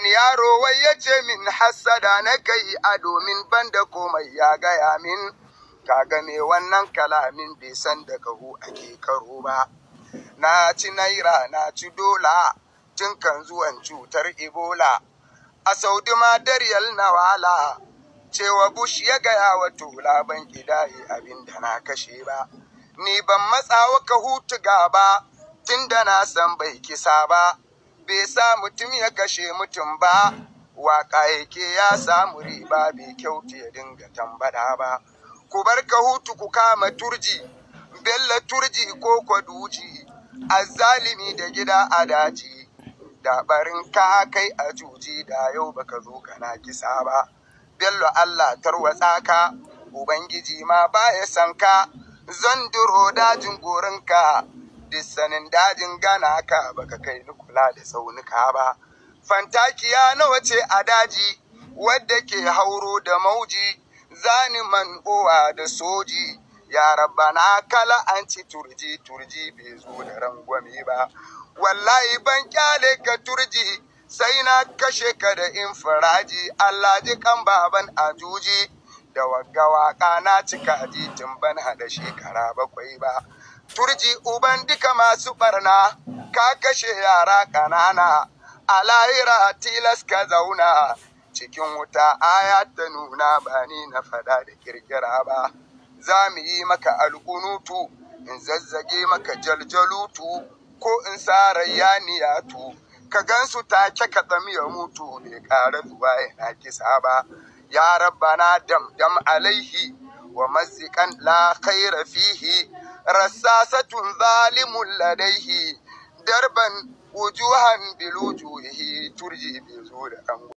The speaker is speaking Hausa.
wani yaro wai ya min hassada na kai a domin ban da komai ya gaya min kaga me wannan kalamin bai san da kahu ake karo ba na ci naira na ci dola tun kan zuwan cutar ebola a saudi ma daryal na wala cewa bush ya gaya wa tula ban kidaye abin da na kashe ba ni ban matsawa ka hutu gaba tun da na san bai kisa ba bai sa mutum ya kashe mutum ba waka yake ya samu riba bai kyauta ya dinga tambada ba ku bar ka hutu ku kama turji bella turji ko kwaduji zalimi da gida a daji barin ka kai a juji da yau baka zo kana kisa ba bello allah tarwatsa ka ubangiji ma ba ya sanka. zan duro dajin gorinka duk sanin dajin gana ka baka kai ni kula da tsaunuka ba fantakiya nawa ce a daji wadda ke hauro da mauji zani man uwa da soji ya na kala an ci turji turji bai zo da rangwame ba wallahi ban kyale ka turji sai na kashe ka da infiraji allah ji kan baban ajuji da wagga kana na cika titin ban hada shekara bakwai ba turji uban duka masu barna ka kashe yara ƙanana a lahira tilas ka zauna cikin wuta aya ta nuna ba ni na faɗa da kirkira ba za mu yi maka alkunutu in zazzage maka jaljalutu ko in sarayyaniyatu ka gansu take ka tsami ya mutu bai ƙara zuwa yana kisa ba ya rabbana dam dam alaihi wa mazikan la khaira fihi rassasatun zalimun ladaihi darban wujuhan bilujuhi turji da zura